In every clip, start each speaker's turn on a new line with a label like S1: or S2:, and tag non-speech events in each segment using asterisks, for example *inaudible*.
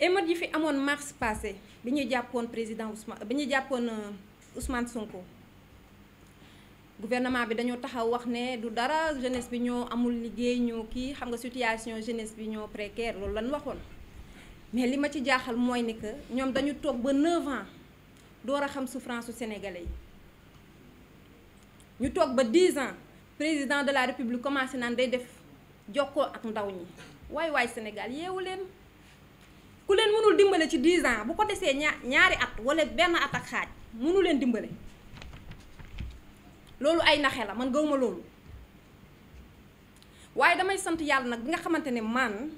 S1: émeute yi fi amoon mars passé bi ñuy jàppoon président Ousmane bi ñu jàppoon euh, Ousmane Sonko gouvernement bi dañoo taxaw wax ne du dara jeunesse bi ñoo amul liggéey ñoo kii xam nga situation jeunesse bi ñoo précaire loolu lañ waxoon mais li ma ci jaaxal mooy ni que ñoom dañu toog ba 9 ans door a xam souffrance su sénégalais yi ñu toog ba 10 ans président de la république commencé naan day def jokkoo ak ndaw ñi waay waay Sénégal yeewu leen. mënul dimbale ci 10 an bu ko desee ñaa ñaari at wala benn at ak xaaj mënu leen dimbale loolu ay naxe la man gawma loolu waaye damay sant yàlla nag bi nga xamante ne man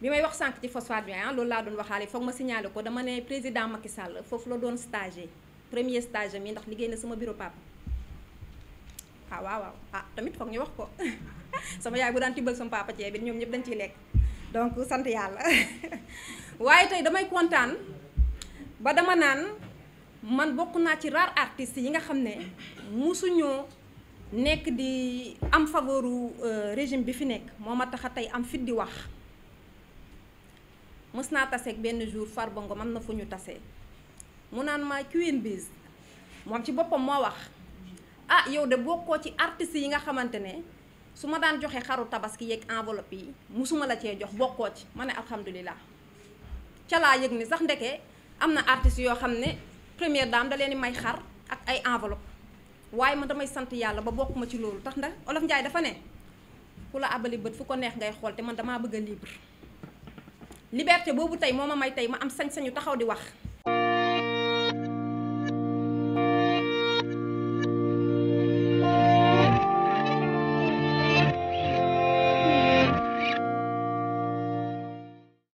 S1: bi may wax sànq ci phosphate bi ah loolu laa doon waxaale foog ma signalé ko dama ne président Macky Sall foofu la doon stage premier stage mi ndax liggéey na sama bureau papa ah, waaw waaw ah tamit foog ñu wax ko *laughs* sama yaay bu daan tibbal sama papa ceeb bi ñoom ñëpp dañ ciy lekk. donc sant yàlla *laughs* waaye tey damay kontaan ba dama naan man bokk naa ci rare artistes yi nga xam ne musuñoo nekk di am favoru euh, régime bi fi nekk moom a tax a tey am fit di wax mës naa taseeg benn jour Farba Ngom am na fu ñu tasee mu naan ma Queen Biz moom ci boppam moo wax ah yow de bokkoo ci artistes yi nga xamante ne su ma daan joxe xaru tabaski yeeg enveloppe yi musuma la cee jox bokkoo ci ma ne alhamdulilah calaa laa yëg ni sax ndeke am na artistes yoo xam ne première dame da leen di may xar ak ay enveloppe waaye man damay sant yàlla ba bokk ma ci loolu tax ndax olof Njaay dafa ne ku la abali bët fu ko neex ngay xool te man damaa bëgg a libre liberté boobu tey moo ma may tey ma am sañ-sañu taxaw di wax